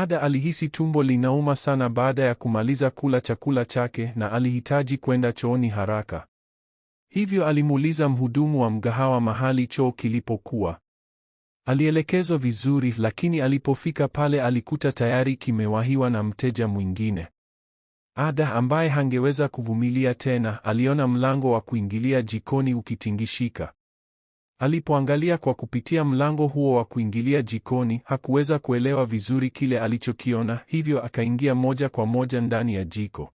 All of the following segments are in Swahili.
Ada alihisi tumbo linauma sana baada ya kumaliza kula chakula chake na alihitaji kwenda chooni haraka. Hivyo alimuuliza mhudumu wa mgahawa mahali choo kilipokuwa. Alielekezwa vizuri, lakini alipofika pale alikuta tayari kimewahiwa na mteja mwingine. Ada ambaye hangeweza kuvumilia tena, aliona mlango wa kuingilia jikoni ukitingishika. Alipoangalia kwa kupitia mlango huo wa kuingilia jikoni, hakuweza kuelewa vizuri kile alichokiona, hivyo akaingia moja kwa moja ndani ya jiko.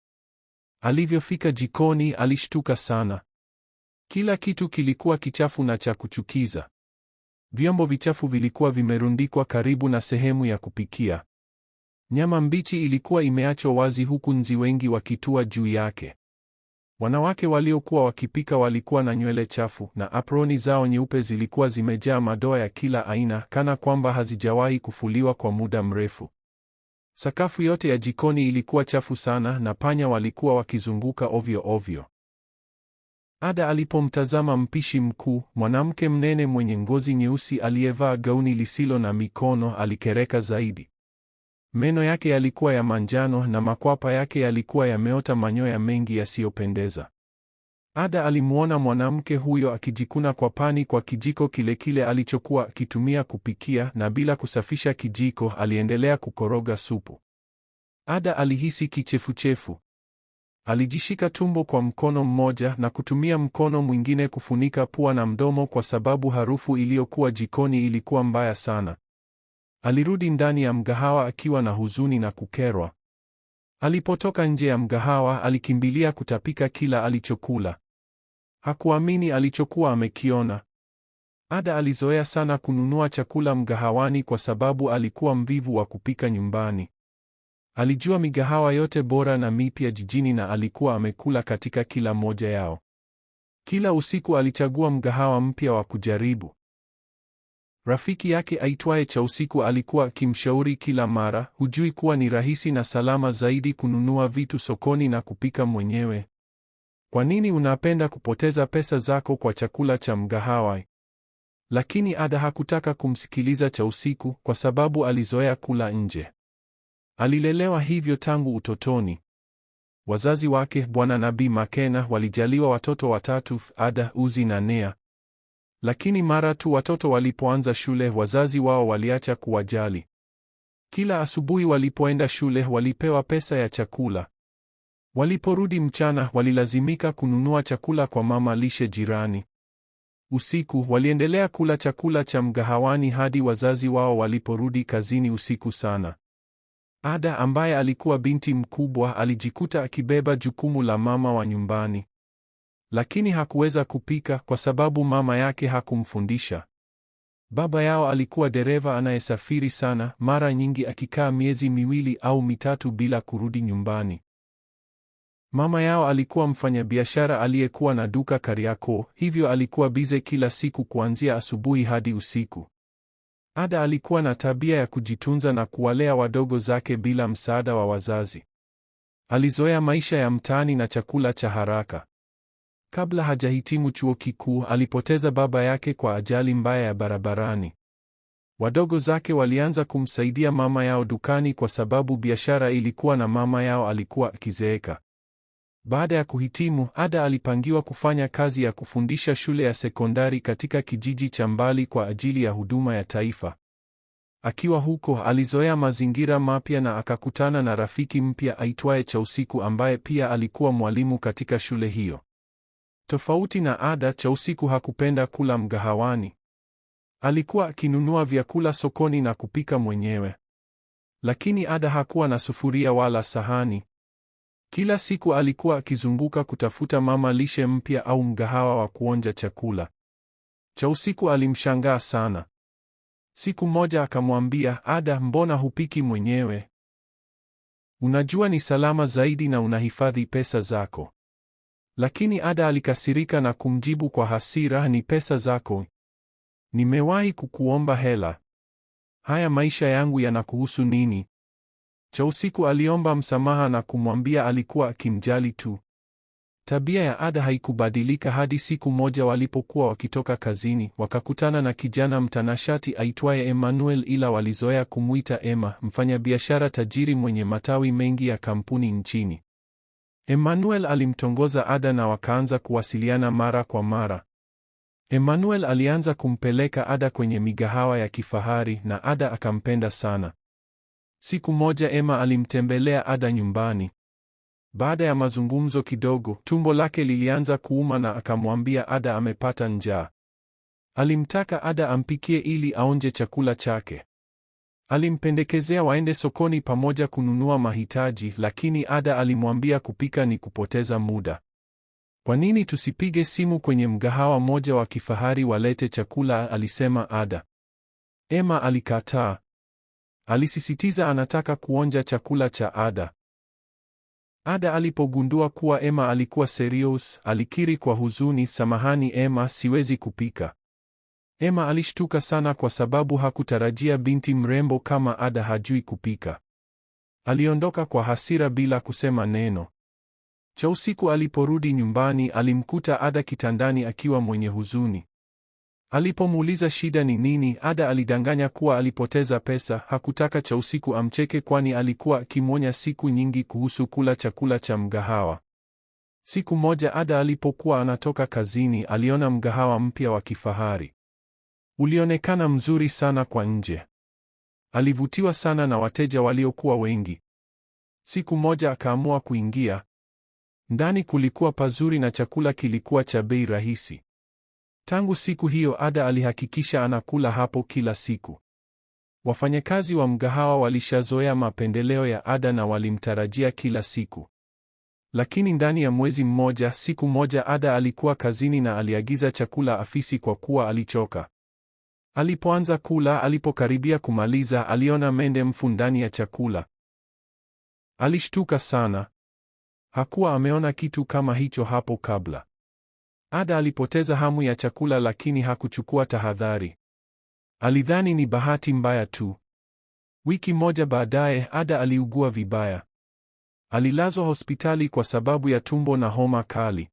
Alivyofika jikoni, alishtuka sana. Kila kitu kilikuwa kichafu na cha kuchukiza. Vyombo vichafu vilikuwa vimerundikwa karibu na sehemu ya kupikia. Nyama mbichi ilikuwa imeachwa wazi huku nzi wengi wakitua juu yake. Wanawake waliokuwa wakipika walikuwa na nywele chafu na aproni zao nyeupe zilikuwa zimejaa madoa ya kila aina, kana kwamba hazijawahi kufuliwa kwa muda mrefu. Sakafu yote ya jikoni ilikuwa chafu sana na panya walikuwa wakizunguka ovyo ovyo. Ada alipomtazama mpishi mkuu, mwanamke mnene mwenye ngozi nyeusi aliyevaa gauni lisilo na mikono, alikereka zaidi. Meno yake yalikuwa ya manjano na makwapa yake yalikuwa yameota manyoya mengi yasiyopendeza. Ada alimwona mwanamke huyo akijikuna kwa pani kwa kijiko kile kile alichokuwa akitumia kupikia, na bila kusafisha kijiko aliendelea kukoroga supu. Ada alihisi kichefuchefu. Alijishika tumbo kwa mkono mmoja na kutumia mkono mwingine kufunika pua na mdomo, kwa sababu harufu iliyokuwa jikoni ilikuwa mbaya sana. Alirudi ndani ya mgahawa akiwa na huzuni na kukerwa. Alipotoka nje ya mgahawa, alikimbilia kutapika kila alichokula. Hakuamini alichokuwa amekiona. Ada alizoea sana kununua chakula mgahawani kwa sababu alikuwa mvivu wa kupika nyumbani. Alijua migahawa yote bora na mipya jijini na alikuwa amekula katika kila moja yao. Kila usiku alichagua mgahawa mpya wa kujaribu. Rafiki yake aitwaye cha usiku alikuwa akimshauri kila mara, hujui kuwa ni rahisi na salama zaidi kununua vitu sokoni na kupika mwenyewe? Kwa nini unapenda kupoteza pesa zako kwa chakula cha mgahawa? Lakini Ada hakutaka kumsikiliza cha usiku kwa sababu alizoea kula nje. Alilelewa hivyo tangu utotoni. Wazazi wake Bwana Nabii Makena walijaliwa watoto watatu, Ada, Uzi na Nea. Lakini mara tu watoto walipoanza shule, wazazi wao waliacha kuwajali. Kila asubuhi walipoenda shule, walipewa pesa ya chakula. Waliporudi mchana, walilazimika kununua chakula kwa mama lishe jirani. Usiku waliendelea kula chakula cha mgahawani hadi wazazi wao waliporudi kazini usiku sana. Ada ambaye alikuwa binti mkubwa alijikuta akibeba jukumu la mama wa nyumbani lakini hakuweza kupika kwa sababu mama yake hakumfundisha. Baba yao alikuwa dereva anayesafiri sana, mara nyingi akikaa miezi miwili au mitatu bila kurudi nyumbani. Mama yao alikuwa mfanyabiashara aliyekuwa na duka Kariakoo, hivyo alikuwa bize kila siku kuanzia asubuhi hadi usiku. Ada alikuwa na tabia ya kujitunza na kuwalea wadogo zake bila msaada wa wazazi. Alizoea maisha ya mtaani na chakula cha haraka. Kabla hajahitimu chuo kikuu, alipoteza baba yake kwa ajali mbaya ya barabarani. Wadogo zake walianza kumsaidia mama yao dukani kwa sababu biashara ilikuwa na mama yao alikuwa akizeeka. Baada ya kuhitimu, Ada alipangiwa kufanya kazi ya kufundisha shule ya sekondari katika kijiji cha mbali kwa ajili ya huduma ya taifa. Akiwa huko, alizoea mazingira mapya na akakutana na rafiki mpya aitwaye Cha Usiku ambaye pia alikuwa mwalimu katika shule hiyo. Tofauti na ada, cha usiku hakupenda kula mgahawani. Alikuwa akinunua vyakula sokoni na kupika mwenyewe. Lakini ada hakuwa na sufuria wala sahani. Kila siku alikuwa akizunguka kutafuta mama lishe mpya au mgahawa wa kuonja chakula. Cha usiku alimshangaa sana. Siku moja akamwambia Ada, mbona hupiki mwenyewe? Unajua ni salama zaidi na unahifadhi pesa zako. Lakini Ada alikasirika na kumjibu kwa hasira, ni pesa zako, nimewahi kukuomba hela? Haya maisha yangu yanakuhusu nini? cha usiku aliomba msamaha na kumwambia alikuwa akimjali tu. Tabia ya Ada haikubadilika hadi siku moja walipokuwa wakitoka kazini, wakakutana na kijana mtanashati aitwaye Emmanuel, ila walizoea kumwita Emma, mfanyabiashara tajiri mwenye matawi mengi ya kampuni nchini. Emmanuel alimtongoza Ada na wakaanza kuwasiliana mara kwa mara. Emmanuel alianza kumpeleka Ada kwenye migahawa ya kifahari na Ada akampenda sana. Siku moja Emma alimtembelea Ada nyumbani. Baada ya mazungumzo kidogo, tumbo lake lilianza kuuma na akamwambia Ada amepata njaa. Alimtaka Ada ampikie ili aonje chakula chake. Alimpendekezea waende sokoni pamoja kununua mahitaji, lakini Ada alimwambia kupika ni kupoteza muda. Kwa nini tusipige simu kwenye mgahawa mmoja wa kifahari walete chakula? alisema Ada. Emma alikataa. Alisisitiza anataka kuonja chakula cha Ada. Ada alipogundua kuwa Emma alikuwa serious, alikiri kwa huzuni, samahani Emma, siwezi kupika. Emma alishtuka sana kwa sababu hakutarajia binti mrembo kama Ada hajui kupika. Aliondoka kwa hasira bila kusema neno. Cha usiku aliporudi nyumbani, alimkuta Ada kitandani akiwa mwenye huzuni. Alipomuuliza shida ni nini, Ada alidanganya kuwa alipoteza pesa. Hakutaka Cha usiku amcheke, kwani alikuwa akimwonya siku nyingi kuhusu kula chakula cha mgahawa. Siku moja Ada alipokuwa anatoka kazini, aliona mgahawa mpya wa kifahari. Ulionekana mzuri sana kwa nje. Alivutiwa sana na wateja waliokuwa wengi. Siku moja akaamua kuingia. Ndani kulikuwa pazuri na chakula kilikuwa cha bei rahisi. Tangu siku hiyo Ada alihakikisha anakula hapo kila siku. Wafanyakazi wa mgahawa walishazoea mapendeleo ya Ada na walimtarajia kila siku. Lakini ndani ya mwezi mmoja, siku moja Ada alikuwa kazini na aliagiza chakula afisi kwa kuwa alichoka. Alipoanza kula, alipokaribia kumaliza, aliona mende mfu ndani ya chakula. Alishtuka sana. Hakuwa ameona kitu kama hicho hapo kabla. Ada alipoteza hamu ya chakula, lakini hakuchukua tahadhari. Alidhani ni bahati mbaya tu. Wiki moja baadaye, Ada aliugua vibaya. Alilazwa hospitali kwa sababu ya tumbo na homa kali.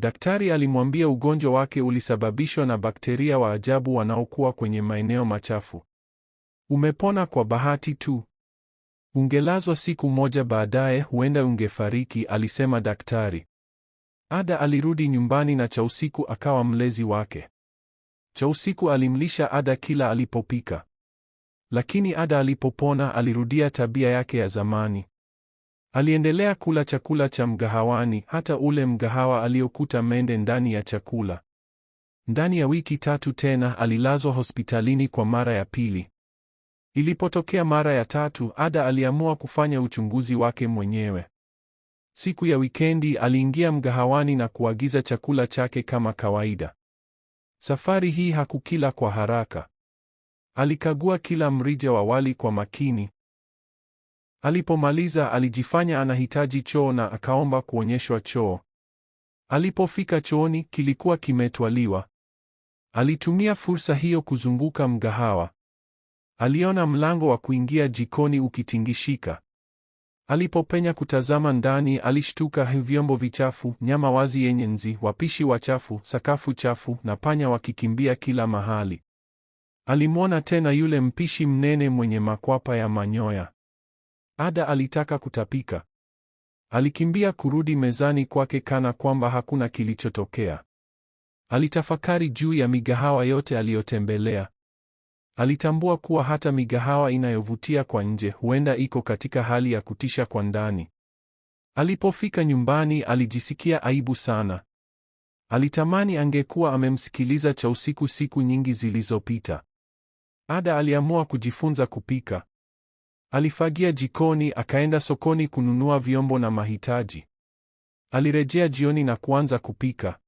Daktari alimwambia ugonjwa wake ulisababishwa na bakteria wa ajabu wanaokuwa kwenye maeneo machafu. Umepona kwa bahati tu. Ungelazwa siku moja baadaye, huenda ungefariki, alisema daktari. Ada alirudi nyumbani na Chausiku akawa mlezi wake. Chausiku alimlisha Ada kila alipopika. Lakini Ada alipopona alirudia tabia yake ya zamani. Aliendelea kula chakula cha mgahawani, hata ule mgahawa aliokuta mende ndani ya chakula. Ndani ya wiki tatu tena alilazwa hospitalini kwa mara ya pili. Ilipotokea mara ya tatu, Ada aliamua kufanya uchunguzi wake mwenyewe. Siku ya wikendi aliingia mgahawani na kuagiza chakula chake kama kawaida. Safari hii hakukila kwa haraka. Alikagua kila mrija wa wali kwa makini. Alipomaliza alijifanya anahitaji choo na akaomba kuonyeshwa choo. Alipofika chooni kilikuwa kimetwaliwa. Alitumia fursa hiyo kuzunguka mgahawa. Aliona mlango wa kuingia jikoni ukitingishika. Alipopenya kutazama ndani, alishtuka: vyombo vichafu, nyama wazi yenye nzi, wapishi wachafu, sakafu chafu na panya wakikimbia kila mahali. Alimwona tena yule mpishi mnene mwenye makwapa ya manyoya. Ada alitaka kutapika. Alikimbia kurudi mezani kwake kana kwamba hakuna kilichotokea. Alitafakari juu ya migahawa yote aliyotembelea. Alitambua kuwa hata migahawa inayovutia kwa nje huenda iko katika hali ya kutisha kwa ndani. Alipofika nyumbani alijisikia aibu sana. Alitamani angekuwa amemsikiliza Cha usiku siku nyingi zilizopita. Ada aliamua kujifunza kupika. Alifagia jikoni, akaenda sokoni kununua vyombo na mahitaji. Alirejea jioni na kuanza kupika.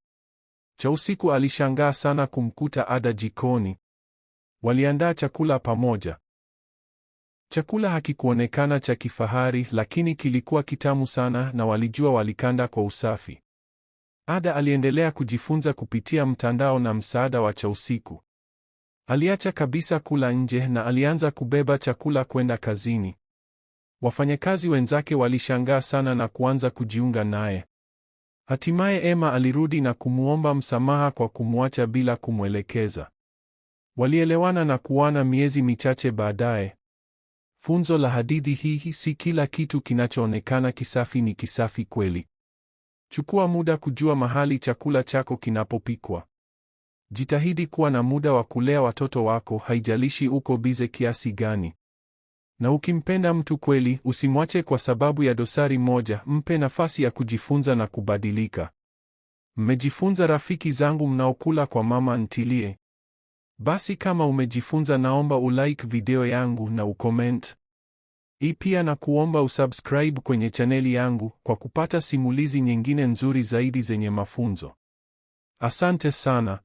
Cha usiku alishangaa sana kumkuta Ada jikoni. Waliandaa chakula pamoja. Chakula hakikuonekana cha kifahari, lakini kilikuwa kitamu sana na walijua walikanda kwa usafi. Ada aliendelea kujifunza kupitia mtandao na msaada wa Cha usiku. Aliacha kabisa kula nje na alianza kubeba chakula kwenda kazini. Wafanyakazi wenzake walishangaa sana na kuanza kujiunga naye. Hatimaye Emma alirudi na kumwomba msamaha kwa kumwacha bila kumwelekeza. Walielewana na kuoana miezi michache baadaye. Funzo la hadithi hii: si kila kitu kinachoonekana kisafi ni kisafi kweli. Chukua muda kujua mahali chakula chako kinapopikwa. Jitahidi kuwa na muda wa kulea watoto wako, haijalishi uko bize kiasi gani. Na ukimpenda mtu kweli, usimwache kwa sababu ya dosari moja, mpe nafasi ya kujifunza na kubadilika. Mmejifunza rafiki zangu mnaokula kwa mama ntilie. Basi kama umejifunza, naomba ulike video yangu na ucomment. Hii pia na kuomba usubscribe kwenye chaneli yangu kwa kupata simulizi nyingine nzuri zaidi zenye mafunzo. Asante sana.